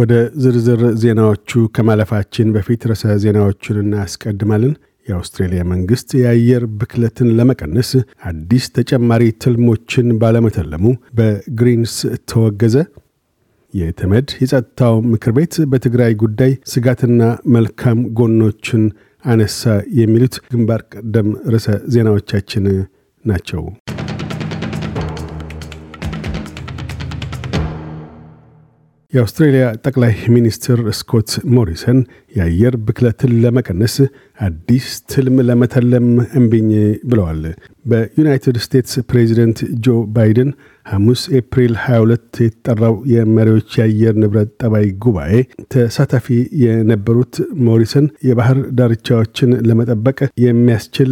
ወደ ዝርዝር ዜናዎቹ ከማለፋችን በፊት ርዕሰ ዜናዎቹን እናስቀድማለን። የአውስትሬልያ መንግሥት የአየር ብክለትን ለመቀነስ አዲስ ተጨማሪ ትልሞችን ባለመተለሙ በግሪንስ ተወገዘ። የተመድ የጸጥታው ምክር ቤት በትግራይ ጉዳይ ስጋትና መልካም ጎኖችን አነሳ። የሚሉት ግንባር ቀደም ርዕሰ ዜናዎቻችን ናቸው። y Australia tackla minister Scott Morrison የአየር ብክለትን ለመቀነስ አዲስ ትልም ለመተለም እምቢኝ ብለዋል። በዩናይትድ ስቴትስ ፕሬዚደንት ጆ ባይደን ሐሙስ ኤፕሪል 22 የተጠራው የመሪዎች የአየር ንብረት ጠባይ ጉባኤ ተሳታፊ የነበሩት ሞሪሰን የባህር ዳርቻዎችን ለመጠበቅ የሚያስችል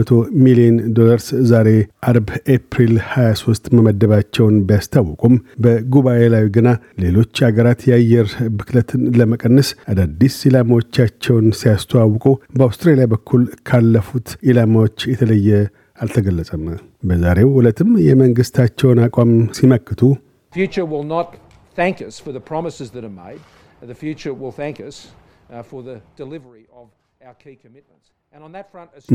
100 ሚሊዮን ዶላርስ ዛሬ አርብ ኤፕሪል 23 መመደባቸውን ቢያስታውቁም በጉባኤ ላይ ግና ሌሎች አገራት የአየር ብክለትን ለመቀነስ አዳዲስ ኢላማዎቻቸውን ሲያስተዋውቁ በአውስትራሊያ በኩል ካለፉት ኢላማዎች የተለየ አልተገለጸም። በዛሬው ዕለትም የመንግስታቸውን አቋም ሲመክቱ uh,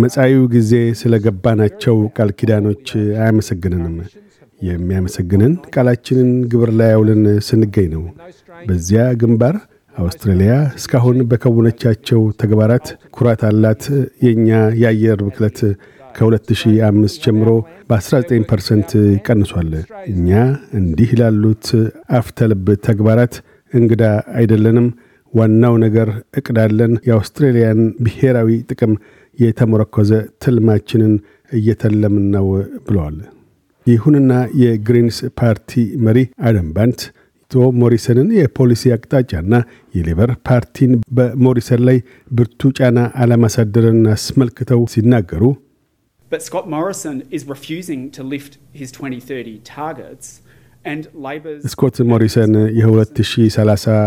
መጻዩ ጊዜ ስለገባናቸው ቃል ኪዳኖች አያመሰግንንም። የሚያመሰግንን ቃላችንን ግብር ላይ አውለን ስንገኝ ነው። በዚያ ግንባር አውስትራሊያ እስካሁን በከወነቻቸው ተግባራት ኩራት አላት። የእኛ የአየር ብክለት ከ2005 ጀምሮ በ19 ፐርሰንት ቀንሷል። እኛ እንዲህ ላሉት አፍተልብ ተግባራት እንግዳ አይደለንም። ዋናው ነገር እቅዳለን። የአውስትሬልያን ብሔራዊ ጥቅም የተሞረኮዘ ትልማችንን እየተለምን ነው ብለዋል። ይሁንና የግሪንስ ፓርቲ መሪ አደም ባንት ስትሮ ሞሪሰንን የፖሊሲ አቅጣጫና የሌበር ፓርቲን በሞሪሰን ላይ ብርቱ ጫና አለማሳደርን አስመልክተው ሲናገሩ ስኮት ሞሪሰን የ2030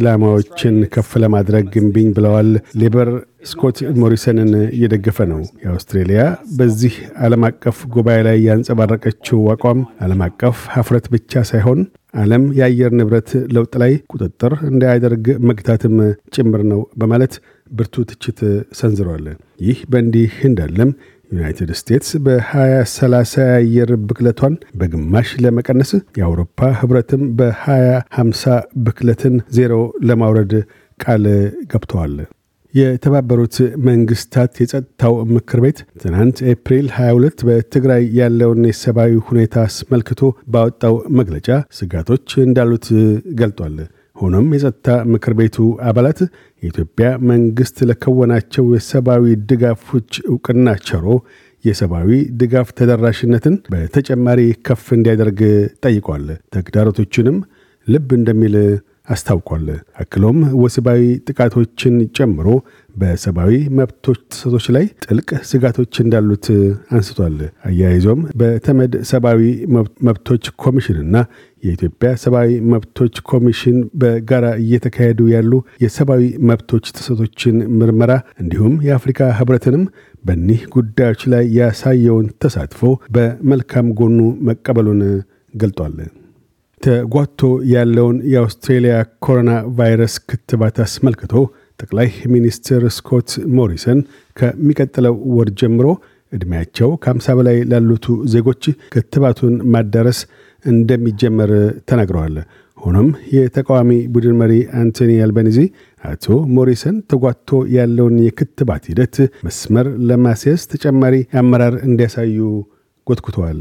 ኢላማዎችን ከፍ ለማድረግ ግንብኝ ብለዋል። ሌበር ስኮት ሞሪሰንን እየደገፈ ነው። የአውስትሬሊያ በዚህ ዓለም አቀፍ ጉባኤ ላይ ያንጸባረቀችው አቋም ዓለም አቀፍ ሀፍረት ብቻ ሳይሆን ዓለም የአየር ንብረት ለውጥ ላይ ቁጥጥር እንዳያደርግ መግታትም ጭምር ነው በማለት ብርቱ ትችት ሰንዝሯል። ይህ በእንዲህ እንዳለም ዩናይትድ ስቴትስ በ2030 የአየር ብክለቷን በግማሽ ለመቀነስ የአውሮፓ ህብረትም በ2050 ብክለትን ዜሮ ለማውረድ ቃል ገብተዋል። የተባበሩት መንግስታት የጸጥታው ምክር ቤት ትናንት ኤፕሪል 22 በትግራይ ያለውን የሰብአዊ ሁኔታ አስመልክቶ ባወጣው መግለጫ ስጋቶች እንዳሉት ገልጧል። ሆኖም የጸጥታ ምክር ቤቱ አባላት የኢትዮጵያ መንግስት ለከወናቸው የሰብአዊ ድጋፎች እውቅና ቸሮ የሰብአዊ ድጋፍ ተደራሽነትን በተጨማሪ ከፍ እንዲያደርግ ጠይቋል። ተግዳሮቶችንም ልብ እንደሚል አስታውቋል። አክሎም ወሲባዊ ጥቃቶችን ጨምሮ በሰብአዊ መብቶች ጥሰቶች ላይ ጥልቅ ስጋቶች እንዳሉት አንስቷል። አያይዞም በተመድ ሰብአዊ መብቶች ኮሚሽንና የኢትዮጵያ ሰብአዊ መብቶች ኮሚሽን በጋራ እየተካሄዱ ያሉ የሰብአዊ መብቶች ጥሰቶችን ምርመራ እንዲሁም የአፍሪካ ህብረትንም በኒህ ጉዳዮች ላይ ያሳየውን ተሳትፎ በመልካም ጎኑ መቀበሉን ገልጧል። ተጓቶ ያለውን የአውስትሬልያ ኮሮና ቫይረስ ክትባት አስመልክቶ ጠቅላይ ሚኒስትር ስኮት ሞሪሰን ከሚቀጥለው ወር ጀምሮ ዕድሜያቸው ከ በላይ ላሉቱ ዜጎች ክትባቱን ማዳረስ እንደሚጀመር ተናግረዋል። ሆኖም የተቃዋሚ ቡድን መሪ አንቶኒ አልባኒዚ አቶ ሞሪሰን ተጓቶ ያለውን የክትባት ሂደት መስመር ለማስያዝ ተጨማሪ አመራር እንዲያሳዩ ጎትኩተዋል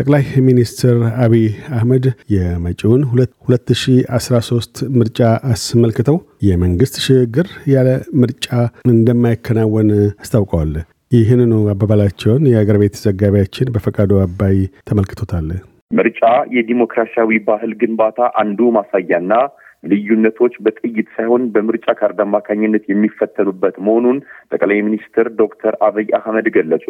ጠቅላይ ሚኒስትር አቢይ አህመድ የመጪውን 2013 ምርጫ አስመልክተው የመንግስት ሽግግር ያለ ምርጫ እንደማይከናወን አስታውቀዋል። ይህንኑ አባባላቸውን የአገር ቤት ዘጋቢያችን በፈቃዱ አባይ ተመልክቶታል። ምርጫ የዲሞክራሲያዊ ባህል ግንባታ አንዱ ማሳያና ልዩነቶች በጥይት ሳይሆን በምርጫ ካርድ አማካኝነት የሚፈተኑበት መሆኑን ጠቅላይ ሚኒስትር ዶክተር አብይ አህመድ ገለጹ።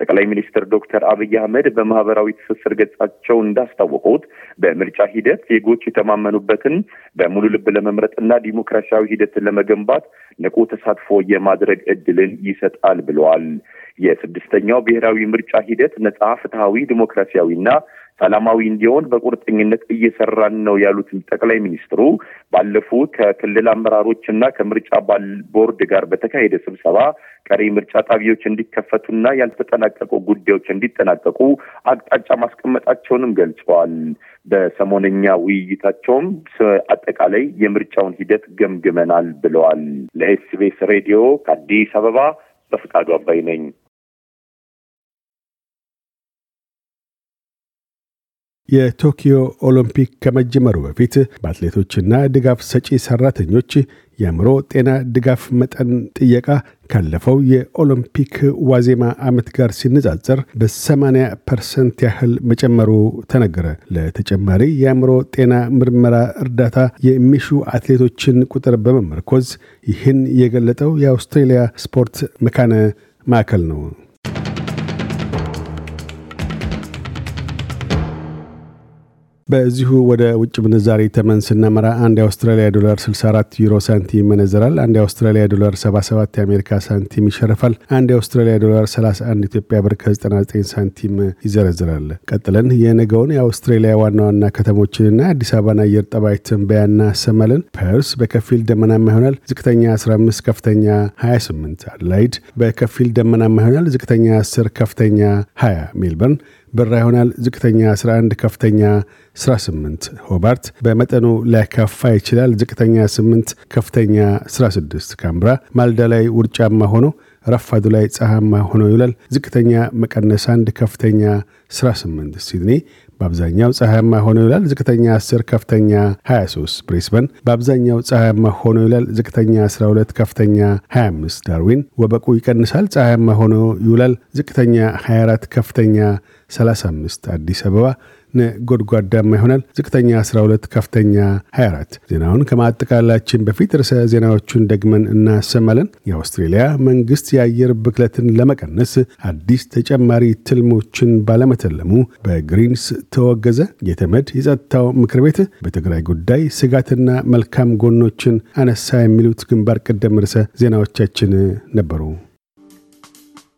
ጠቅላይ ሚኒስትር ዶክተር አብይ አህመድ በማህበራዊ ትስስር ገጻቸው እንዳስታወቁት በምርጫ ሂደት ዜጎች የተማመኑበትን በሙሉ ልብ ለመምረጥና ዲሞክራሲያዊ ሂደትን ለመገንባት ንቁ ተሳትፎ የማድረግ እድልን ይሰጣል ብለዋል። የስድስተኛው ብሔራዊ ምርጫ ሂደት ነጻ፣ ፍትሐዊ፣ ዲሞክራሲያዊና ሰላማዊ እንዲሆን በቁርጠኝነት እየሰራን ነው ያሉትን ጠቅላይ ሚኒስትሩ ባለፉ ከክልል አመራሮች እና ከምርጫ ቦርድ ጋር በተካሄደ ስብሰባ ቀሪ ምርጫ ጣቢያዎች እንዲከፈቱና ያልተጠናቀቁ ጉዳዮች እንዲጠናቀቁ አቅጣጫ ማስቀመጣቸውንም ገልጸዋል። በሰሞነኛ ውይይታቸውም አጠቃላይ የምርጫውን ሂደት ገምግመናል ብለዋል። ለኤስቢኤስ ሬዲዮ ከአዲስ አበባ በፍቃዱ አባይ ነኝ። የቶኪዮ ኦሎምፒክ ከመጀመሩ በፊት በአትሌቶችና ድጋፍ ሰጪ ሰራተኞች የአእምሮ ጤና ድጋፍ መጠን ጥየቃ ካለፈው የኦሎምፒክ ዋዜማ ዓመት ጋር ሲነጻጸር በ80 ፐርሰንት ያህል መጨመሩ ተነገረ። ለተጨማሪ የአእምሮ ጤና ምርመራ እርዳታ የሚሹ አትሌቶችን ቁጥር በመመርኮዝ ይህን የገለጠው የአውስትሬልያ ስፖርት መካነ ማዕከል ነው። በዚሁ ወደ ውጭ ምንዛሬ ተመን ስናመራ አንድ የአውስትራሊያ ዶላር 64 ዩሮ ሳንቲም ይመነዘራል። አንድ የአውስትራሊያ ዶላር 77 የአሜሪካ ሳንቲም ይሸርፋል። አንድ የአውስትራሊያ ዶላር 31 ኢትዮጵያ ብር ከ99 ሳንቲም ይዘረዝራል። ቀጥለን የነገውን የአውስትሬሊያ ዋና ዋና ከተሞችንና አዲስ አበባን አየር ጠባይ ትንበያና ሰመልን። ፐርስ በከፊል ደመናማ ይሆናል። ዝቅተኛ 15፣ ከፍተኛ 28። አድላይድ በከፊል ደመናማ ይሆናል። ዝቅተኛ 10፣ ከፍተኛ 20። ሜልበርን ብራ ይሆናል። ዝቅተኛ 11፣ ከፍተኛ 18። ሆባርት በመጠኑ ሊያካፋ ይችላል። ዝቅተኛ 8፣ ከፍተኛ 16። ካምብራ ማልዳ ላይ ውርጫማ ሆኖ ረፋዱ ላይ ፀሐያማ ሆኖ ይውላል። ዝቅተኛ መቀነስ 1፣ ከፍተኛ 18። ሲድኒ በአብዛኛው ፀሐያማ ሆኖ ይውላል። ዝቅተኛ 10 ከፍተኛ 23። ብሬስበን በአብዛኛው ፀሐያማ ሆኖ ይውላል። ዝቅተኛ 12 ከፍተኛ 25። ዳርዊን ወበቁ ይቀንሳል። ፀሐያማ ሆኖ ይውላል። ዝቅተኛ 24 ከፍተኛ 35 አዲስ አበባ ነጎድጓዳማ ይሆናል። ዝቅተኛ 12፣ ከፍተኛ 24። ዜናውን ከማጠቃላችን በፊት ርዕሰ ዜናዎቹን ደግመን እናሰማለን። የአውስትሬልያ መንግስት የአየር ብክለትን ለመቀነስ አዲስ ተጨማሪ ትልሞችን ባለመተለሙ በግሪንስ ተወገዘ። የተመድ የጸጥታው ምክር ቤት በትግራይ ጉዳይ ስጋትና መልካም ጎኖችን አነሳ። የሚሉት ግንባር ቀደም ርዕሰ ዜናዎቻችን ነበሩ።